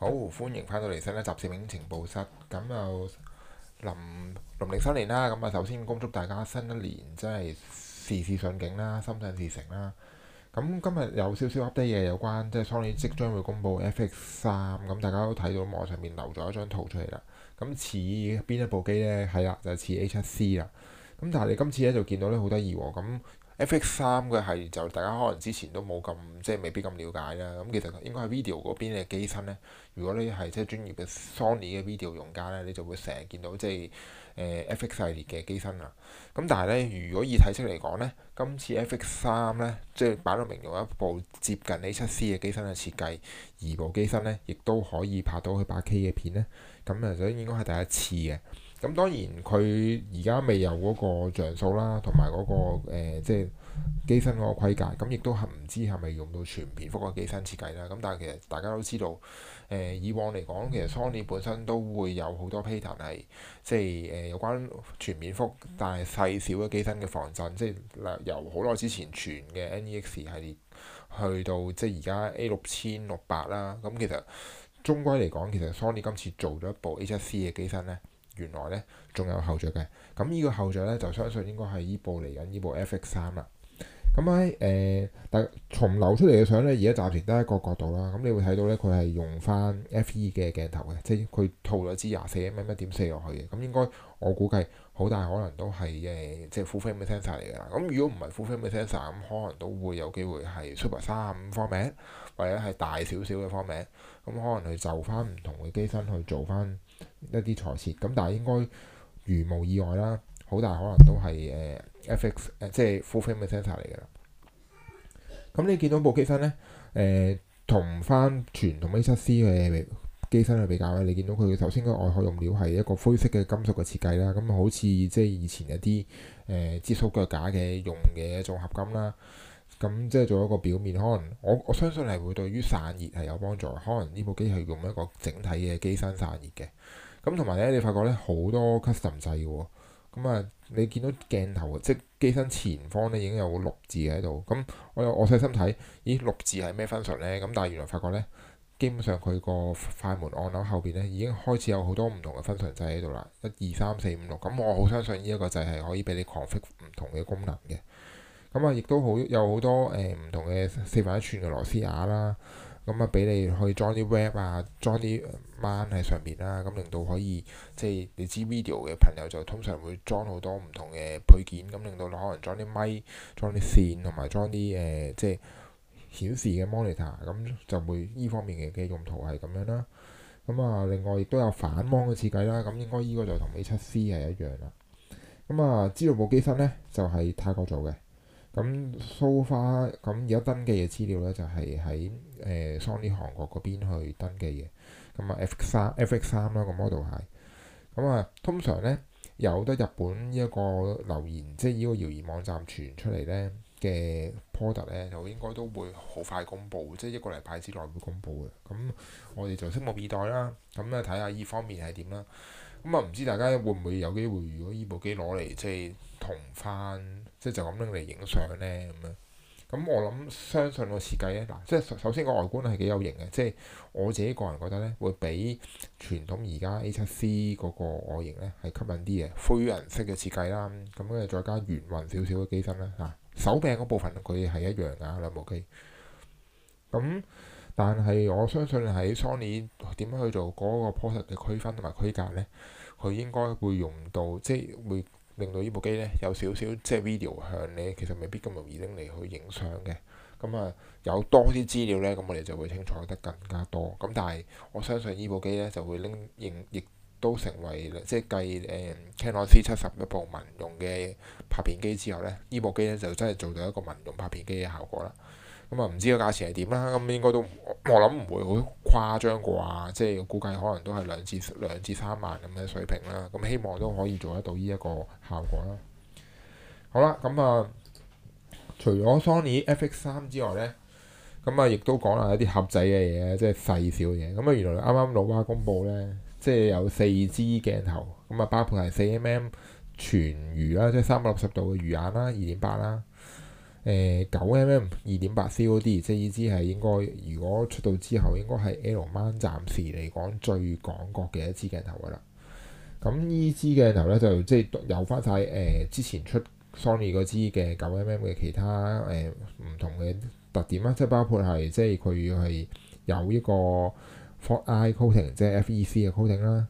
好，歡迎翻到嚟新一集攝影情報室。咁又臨農曆新年啦，咁啊，首先恭祝大家新一年真係事事順境啦，心想事成啦。咁今日有少少 update 嘢，有關即係 Sony 即將會公佈 FX3，咁大家都睇到網上面留咗一張圖出嚟啦。咁似邊一部機呢？係啦，就似 A 七 C 啦。咁但係你今次咧就見到咧好得意喎，咁、哦。FX 三嘅系列就大家可能之前都冇咁即係未必咁了解啦，咁其實應該係 video 嗰邊嘅機身咧。如果你係即係專業嘅 Sony 嘅 video 用家咧，你就會成日見到即係誒、呃、FX 系列嘅機身啦。咁但係咧，如果以睇出嚟講咧，今次 FX 三咧即係擺到明用一部接近 A 七 C 嘅機身嘅設計，而部機身咧亦都可以拍到去八 K 嘅片咧，咁啊所以應該係第一次嘅。咁當然佢而家未有嗰個像素啦，同埋嗰個、呃、即係機身嗰個規格。咁、嗯、亦都係唔知係咪用到全片幅嘅機身設計啦。咁但係其實大家都知道，誒、呃、以往嚟講，其實 Sony 本身都會有好多 patent 係即係誒、呃、有關全片幅，但係細小嘅機身嘅防震，即係由好耐之前傳嘅 NEX 系列去到即係而家 A 六千六百啦。咁其實終歸嚟講，其實，實 Sony 今次做咗一部 A 七 C 嘅機身咧。原來咧仲有後著嘅，咁呢個後著咧就相信應該係依部嚟緊呢部 FX 三啦。咁喺誒，但係從流出嚟嘅相咧，而家暫時得一個角度啦。咁你會睇到咧，佢係用翻 FE 嘅鏡頭嘅，即係佢套咗支廿四 mm 一點四落去嘅。咁應該我估計好大可能都係誒，即、呃、係、就是、full frame sensor 嚟㗎啦。咁如果唔係 full frame sensor，咁可能都會有機會係 Super 35 format，或者係大少少嘅 format。咁可能佢就翻唔同嘅機身去做翻。一啲材設咁，但係應該如無意外啦，好大可能都係誒 FX 誒、呃、即係 full frame 嘅 sensor 嚟嘅啦。咁、嗯、你見到部機身呢，誒同翻傳統 A 七 C 嘅機身去比較咧，你見到佢首先個外殼用料係一個灰色嘅金屬嘅設計啦，咁、嗯、好似即係以前一啲誒接觸腳架嘅用嘅一種合金啦。咁、嗯、即係做一個表面，可能我我相信係會對於散熱係有幫助。可能呢部機係用一個整體嘅機身散熱嘅。咁同埋咧，你發覺咧好多 custom 掣、er、嘅喎、喔，咁、嗯、啊，你見到鏡頭即係機身前方咧已經有個六字喺度，咁我又我細心睇，咦六字係咩 function 咧？咁但係原來發覺咧，基本上佢個快門按鈕後邊咧已經開始有好多 1, 2, 3, 4, 5, 6,、嗯嗯、好有多唔、呃、同嘅 function 掣喺度啦，一二三四五六，咁我好相信呢一個掣係可以俾你狂 config 唔同嘅功能嘅，咁啊亦都好有好多誒唔同嘅四分一寸嘅螺絲牙啦。咁啊，俾你去裝啲 web 啊，裝啲 mon 喺上邊啦，咁令到可以即係你知 video 嘅朋友就通常會裝好多唔同嘅配件，咁令到你可能裝啲咪，裝啲線同埋裝啲誒、呃、即係顯示嘅 monitor，咁就會呢方面嘅機用途係咁樣啦。咁啊，另外亦都有反光嘅設計啦，咁應該呢個就同 A7C 係一樣啦。咁啊，資料部機身咧就係、是、泰國做嘅。咁蘇花，咁而家登記嘅資料咧就係喺誒 Sony 韓國嗰邊去登記嘅。咁啊 F 三 FX 三啦個 model 係，咁啊通常咧有得日本呢一個留言，即係呢個謠言網站傳出嚟咧嘅 product 咧，就應該都會好快公佈，即係一個禮拜之內會公佈嘅，咁我哋就拭目以待啦，咁啊睇下呢方面係點啦。咁啊，唔、嗯、知大家會唔會有機會？如果依部機攞嚟，即係同翻，即係就咁拎嚟影相咧咁樣。咁我諗，相信個設計咧，嗱，即係首先個外觀係幾有型嘅，即係我自己個人覺得咧，會比傳統而家 A7C 嗰個外形咧係吸引啲嘅，灰銀色嘅設計啦，咁跟住再加圓潤少少嘅機身啦，嗱、啊，手柄嗰部分佢係一樣噶兩部機。咁。但係我相信喺 Sony 點樣去做嗰個 product 嘅區分同埋區隔呢？佢應該會用到，即係會令到呢部機呢有少少即係 video 向你，其實未必咁容易拎嚟去影相嘅。咁、嗯、啊有多啲資料呢，咁我哋就會清楚得更加多。咁、嗯、但係我相信呢部機呢就會拎影，亦都成為即係繼誒 Canon C70 一部民用嘅拍片機之後呢，呢部機呢就真係做到一個民用拍片機嘅效果啦。咁啊，唔、嗯、知個價錢係點啦，咁、嗯、應該都我諗唔會好誇張啩，即係估計可能都係兩至兩至三萬咁嘅水平啦。咁、嗯、希望都可以做得到呢一個效果啦。好啦，咁、嗯、啊、嗯，除咗 Sony FX 三之外呢，咁啊亦都講下一啲盒仔嘅嘢，即係細小嘢。咁、嗯、啊原來啱啱老蛙公布呢，即係有四支鏡頭，咁、嗯、啊包括係四 m m 全魚,魚啦，即係三百六十度嘅魚眼啦，二點八啦。誒九、呃、mm 二點八 c o d，即係依支係應該如果出到之後，應該係 L 版暫時嚟講最廣角嘅一支鏡頭㗎啦。咁、嗯、呢支鏡頭咧就即係有翻曬誒之前出 Sony 嗰支嘅九 mm 嘅其他誒唔、呃、同嘅特點啦，即係包括係即係佢係有一個 f o r i coating，即係 f e c 嘅 coating 啦，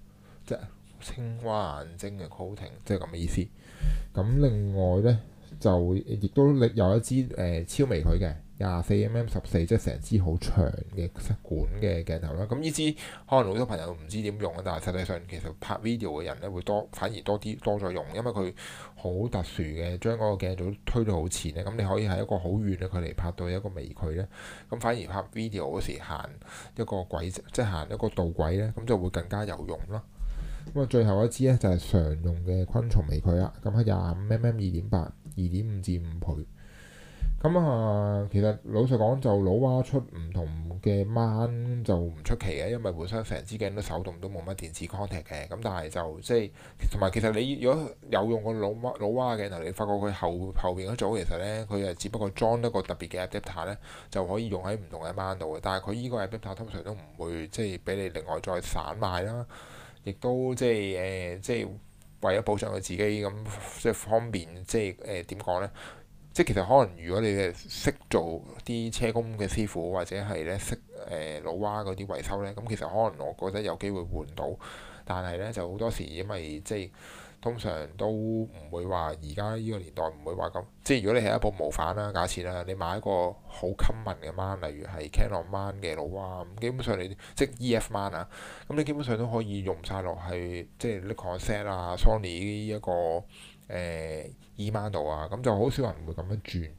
即係青蛙眼睛嘅 coating，即係咁嘅意思。咁、嗯、另外咧。就亦都有一支誒、呃、超微距嘅廿四 mm 十四，即係成支好長嘅吸管嘅鏡頭啦。咁、嗯、呢支可能好多朋友唔知點用啊，但係實際上其實拍 video 嘅人咧會多，反而多啲多咗用，因為佢好特殊嘅，將嗰個鏡組推到好前咧，咁、嗯、你可以喺一個好遠嘅距離拍到一個微距咧。咁、嗯、反而拍 video 嗰時行一個軌，即係行一個導軌咧，咁、嗯、就會更加有用咯。咁啊、嗯，最後一支咧就係、是、常用嘅昆蟲微距啦，咁喺廿五 mm 二點八。二點五至五倍，咁啊、呃，其實老實講就老蛙出唔同嘅 mount 就唔出奇嘅，因為本身成支鏡都手動都冇乜電子 contact 嘅，咁但係就即係同埋其實你如果有用過老蛙老蛙鏡頭，嗱，你發覺佢後後邊嗰組其實呢，佢係只不過裝一個特別嘅 adapter 咧，就可以用喺唔同嘅 mount 度嘅，但係佢呢個 adapter 通常都唔會即係俾你另外再散賣啦，亦都即係誒、呃、即係。為咗保障佢自己咁，即係方便，即係誒點講呢？即係其實可能如果你係識做啲車工嘅師傅，或者係咧識誒、呃、老蛙嗰啲維修呢，咁其實可能我覺得有機會換到，但係呢，就好多時因為即係。通常都唔會話，而家呢個年代唔會話咁。即係如果你係一部模反啦、啊，假設啦，你買一個好 common 嘅 m 碼，例如係 Canon 碼嘅老啊，咁基本上你即 EF m 碼啊，咁你基本上都可以用晒落去即係 Leica Set 啊、Sony 呢一個誒 E 碼度啊，咁就好少人會咁樣轉。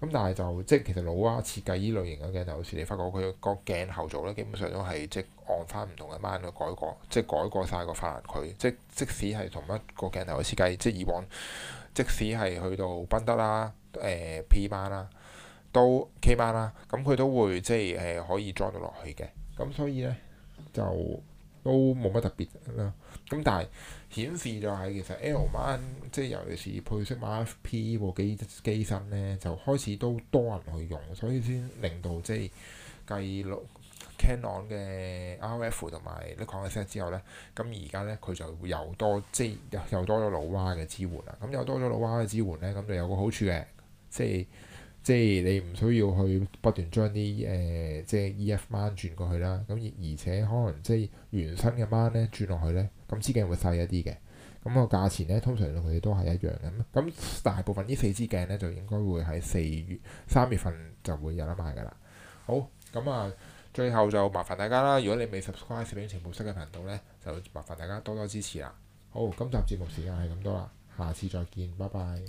咁、嗯、但係就即係其實老蛙、啊、設計呢類型嘅鏡頭，好似你發覺佢個鏡頭組咧，基本上都係即按翻唔同嘅碼去改過，即係改過晒個法蘭距。即即使係同一個鏡頭嘅設計，即係以往即使係去到賓得啦、誒、呃、P 碼啦、都 K 碼啦，咁佢都會即係誒、呃、可以裝到落去嘅。咁所以呢，就～都冇乜特別啦，咁但係顯示就係其實 L mount 即係尤其是配色 Sigma FP 部機機身咧，就開始都多人去用，所以先令到即係繼六 Canon 嘅 RF 同埋 Nikon 嘅 Z 之後咧，咁而家咧佢就又多即係又又多咗老蛙嘅支援啦，咁又多咗老蛙嘅支援咧，咁就有個好處嘅，即係。即係你唔需要去不斷將啲誒即係 E.F. 掹轉過去啦，咁而而且可能即係原生嘅掹咧轉落去咧，咁支鏡會細一啲嘅，咁個價錢咧通常佢哋都係一樣嘅，咁咁大部分呢四支鏡咧就應該會喺四月三月份就會有得賣㗎啦。好，咁啊最後就麻煩大家啦，如果你未 subscribe 攝影情報室嘅頻道咧，就麻煩大家多多支持啦。好，今集節目時間係咁多啦，下次再見，拜拜。